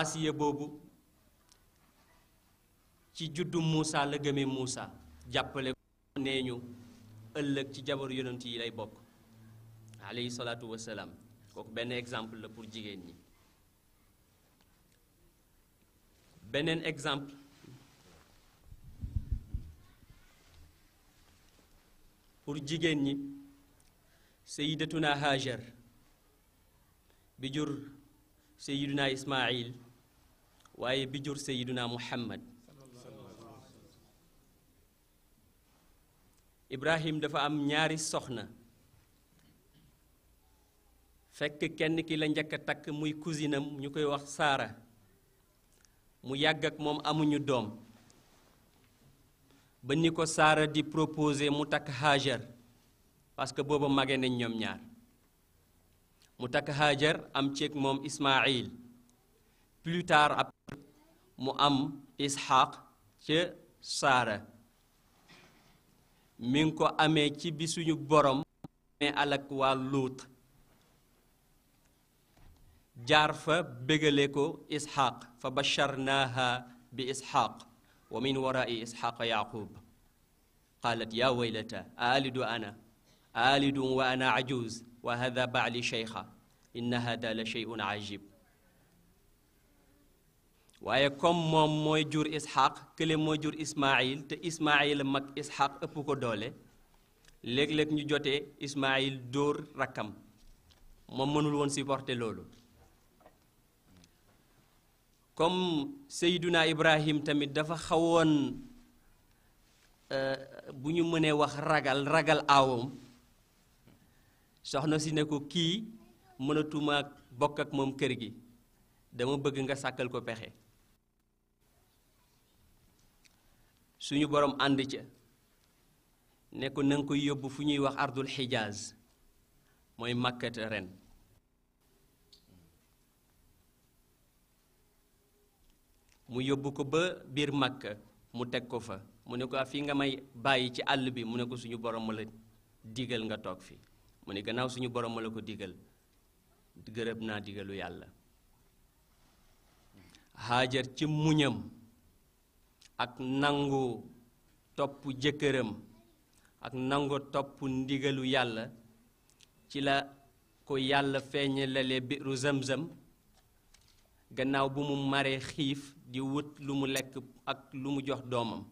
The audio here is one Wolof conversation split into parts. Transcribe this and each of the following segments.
asiya boobu ci juddu Moussa la gëmee Moussa jàppale ko nee ñu ëllëg ci jabar yonent yi lay bokk alayhi salaatu wassalaam kooku benn exemple la pour jigéen ñi beneen exemple pour jigéen ñi sayyidatuna Hajar bi jur sayiduna ismail waaye bi jur sayiduna muhammad ibrahim dafa am ñaari soxna fekk kenn ki la njëkk a takk muy cousinam ñu koy wax saara mu yàgg ak moom amuñu doom ba ni ko saara di proposé mu takk hajar parce que booba mage nañ ñoom ñaar mu takk Hajar am ceeg moom Ismaayil plus tard mu am Isxaaq ca Saara mi ko amee ci bi suñu borom amee jaar fa bégale ko Isxaaq fa basharnaaha bi Isxaaq wa min warai Isxaaqa Yaaqub qaalat yaa waylata aalidu ana aalidun wa ana ajuz wa hada baali cheykha inna hada la cheyun ajib waaye comme moom mooy jur isxaq kële mooy jur ismail te ismail mag isxaq ëpp ko doole léeg-léeg ñu jotee ismail dóor rakkam moom mënul woon supporter loolu comme seyduna ibrahim tamit dafa xawoon euh, bu ñu mënee wax ragal ragal aawam soxna si ne ko kii mënatuma bokk ak moom kër gi dama bëgg nga sàkkal ko pexe suñu boroom ànd ca ne ko na koy yóbbu fu ñuy wax ardul xijaaz mooy màkkata ren mu yóbbu ko ba biir màkk mu teg ko fa mu ne ko ah, fii nga may bàyyi ci àll bi mu ne ko suñu boroom ma la digal nga toog fi mu ne gannaaw suñu borom ma la ko digal gërëb naa digalu yàlla Haajar ci muñam ak nangu topp jëkkëram ak nangu topp ndigalu yàlla ci la ko yàlla feeñalale biiru zamzam gannaaw bu mu maree xiif di wut lu mu lekk ak lu mu jox doomam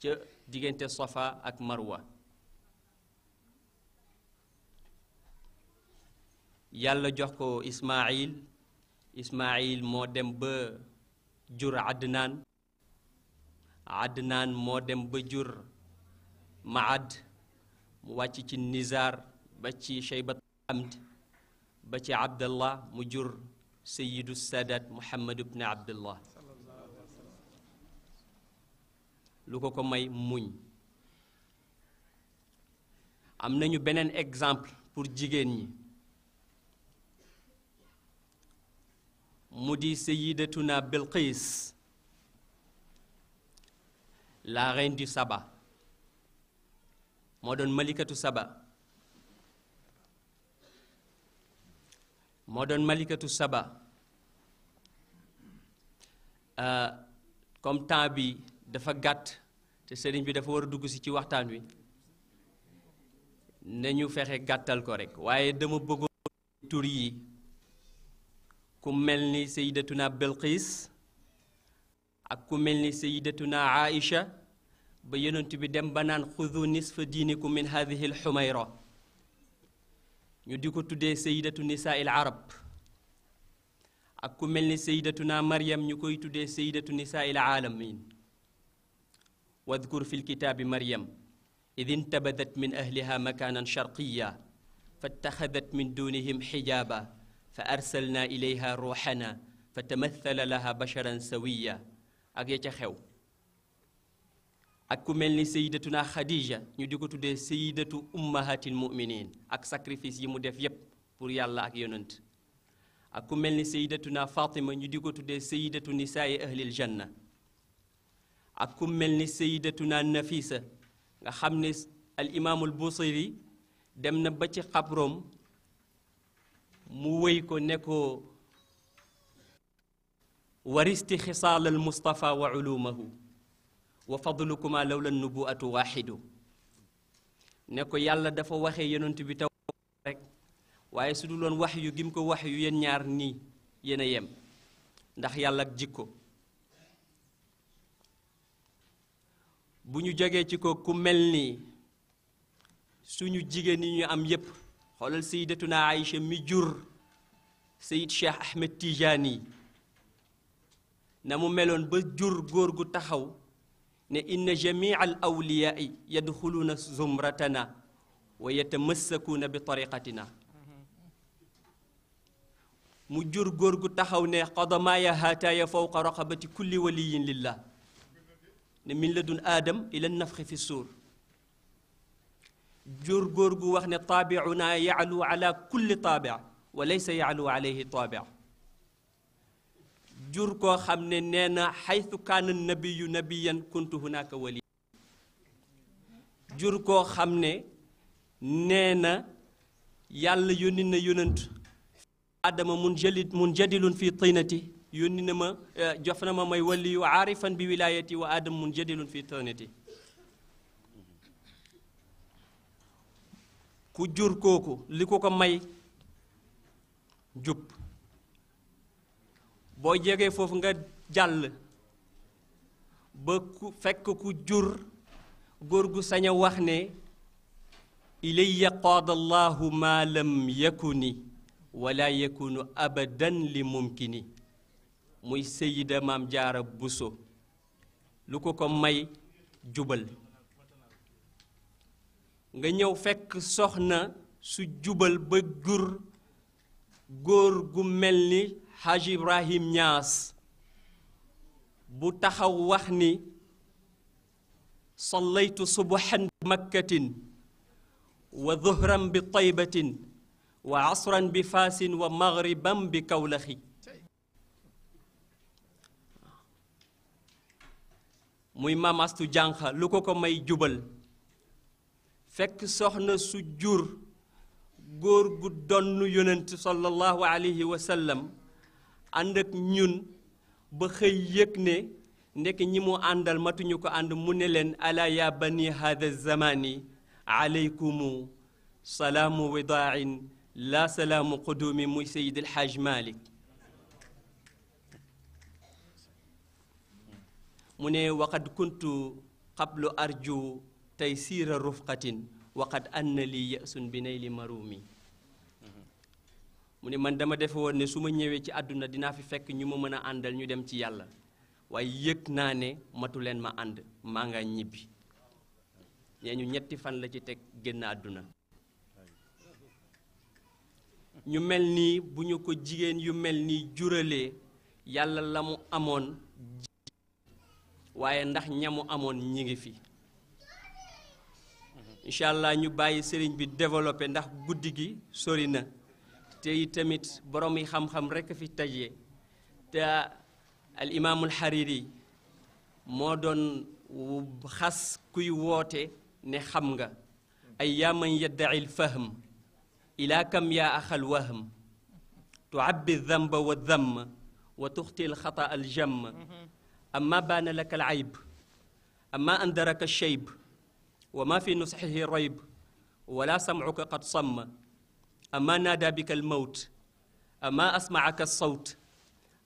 ca diggante Safa ak maruwa yàlla jox ko Ismaayil Ismaayil moo dem ba jur Adnaan Adnaan moo dem ba jur Maad mu wàcc ci Nizar ba ci Shaybat Hamd ba ci Abdallah mu jur Sayyidu Sadat Muhammad ibn Abdallah lu ko ko may muñ am nañu beneen exemple pour jigéen ñi mu di sayyidatuna Bilqis la reine du Saba moo doon malikatu Saba moo doon malikatu Saba euh, comme temps bi dafa gàtt te sëriñ bi dafa war a dugg si ci waxtaan wi nañu fexe gàttal ko rekk waaye dama bëggoon tur yi ku mel ni sayyidatuna Bilqis ak ku mel ni sayyidatuna Aïcha ba yonent bi dem ba naan xudu nisfa min hadihi al ñu di ko tuddee sayyidatu nisaa il ak ku mel ni sayyidatuna Maryam ñu koy tuddee sayyidatu nisaa il aalamin wadkur fi lkitaabi Maryam id intabadat min ahliha makanan sharqiya fattaxadat min dunihim xijaaba fa arsalna ilayha ruuxana fa tamathala laha basharan sawiya ak ya ca xew ak ku mel ni sayidatuna xadija ñu di ko tuddee sayidatu ummahatil muminin ak sacrifice yi mu def yépp pour yàlla ak yonant ak ku mel ni sayidatuna fatima ñu di ko tuddee sayidatu nisaai ahlil janna ak ku mel ni sayidatuna nafisa nga xam ne al imaamul busiri dem na ba ci xabroom mu wéy ko ne ko waristi xisaal al mustafa wa ulumahu wa fadlukuma lawla nubuatu waxidu ne ko yàlla dafa waxee yonent bi taw rek waaye su dul woon wax yu gim ko wax yu yéen ñaar nii yéen a yem ndax yàlla ak jikko bu ñu jógee ci ko ku mel nii suñu jigéen yi ñu am yépp xoolal sayyidatuna Aïcha mi jur sayid Cheikh Ahmed Tijani na mu meloon ba jur góor gu taxaw ne inna jamia al awliyaai yadxuluuna zumratana wa yatamassakuuna bi tariqatina mu jur góor gu taxaw ne qadamaaya haataaya fawqa raqabati kulli waliyin lillah ne min ladun aadam ila nafxi fi suur jur góor gu wax ne taabi'una ya'lu ala kulli taabi' wa laysa ya'lu alayhi jur koo xam ne nee na xaytu kaana nabiyu nabiyan kuntu hunaka wali jur koo xam ne nee na yàlla yónni na yónant adama mun jëlit mun jadilun fi tinati yónni na ma eh, jof na ma may waliyu aarifan bi wilayati wa adama mun fi tinati ku jur kooku li ko ko may jub boo jegee foofu nga jàll ba ku fekk ku jur góor gu sañ a wax ne ilayya qaada allahu maa lam yakuni wala yakunu abadan li mumkini muy sayida maam jaara buso lu ko ko may jubal nga ñëw fekk soxna su jubal ba jur góor gu mel ni Haji Ibrahim Niass bu taxaw wax ni sallaytu subuhan bi makkatin wa dhuhran bi taybatin wa asran bi faasin wa maghriban bi kawlaxi muy maam Astu jànqa lu ko ko may jubal fekk soxna su jur góor gu donn yonent sallallahu alayhi wa sallam ànd ak ñun ba xëy yëg ne ndekk ñi mu àndal matuñu ko ànd mu ne leen ala ya bani hada zamani alaykumu salaamu widaain la salaamu qudumi muy sayid alxaaj malik mu ne waqad kuntu qablu arju tey siira rufqatin waqad anna lii yasun bi nay li marumi mu ne man dama defe woon ne su ma ñëwee ci àdduna dinaa fi fekk ñu ma mën a àndal ñu dem ci yàlla waaye yëg naa ne matu leen ma ànd maa nga ñibbi nee ñu ñetti fan la ci teg génn àdduna ñu mel nii bu ñu ko jigéen yu mel nii juralee yàlla la mu amoon waaye ndax ñamu amoon ñi ngi fi incha allah ñu bàyyi sëriñ bi développé ndax guddi gi sori na te tamit borom yi xam-xam rekk fi tajee te al imaamul moo doon xas kuy woote ne xam nga ay yaa man yaddaci lfahm ilaa kam yaa axal wahm tuabbi damba wa damma wa tuxti lxata aljamm mm-hmm. amma baana laka alayb amma andaraka shayb wa ma fi nusxihi rayb wala samcuka qad samma ama naada bika almawt ama asmacaka alsawt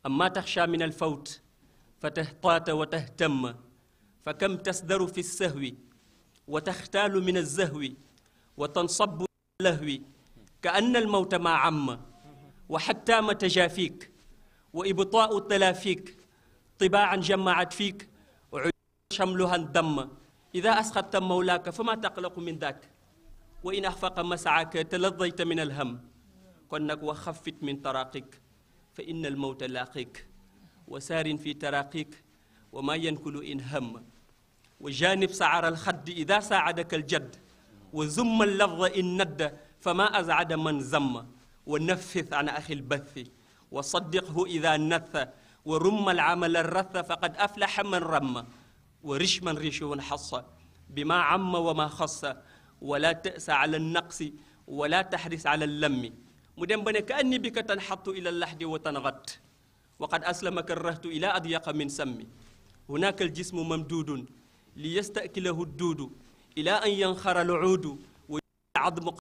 ama taxsha min alfawt fa tahtaata wa tahtamma fa kam tasdaru fi lsahwi wa taxtaalu min alzahwi wa tansabu lahwi ka anna almawta ma amma wa xattaama tajaafiik wa ibtaau talaafiik tibaacan jamacat fiik wa cuyuuban shamluhan damma ida asxabta mawlaaka fa ma taqlaqu min daak wa in axfaqa masaaka taladayta min alham kon nag wa xafit min taraqik fa inna almawta laaqik wa saarin fi taraqik wa ma yankulu in ham wa janib saara alxadd ida saacadaka aljadd wa zumma allafda in nadda fama azcada man zamma wa naffith an axi albathi wa saddiqhu ida natha wa rumma alcamala ratha faqad aflaxa man ramma ورش من ريش حص بما عم وما خص ولا تأس على النقص ولا تحرص على اللم مدن بني كأني بك تنحط إلى اللحد وتنغط وقد أسلم كرهت إلى أضيق من سم هناك الجسم ممدود ليستأكله الدود إلى أن ينخر العود ويعظم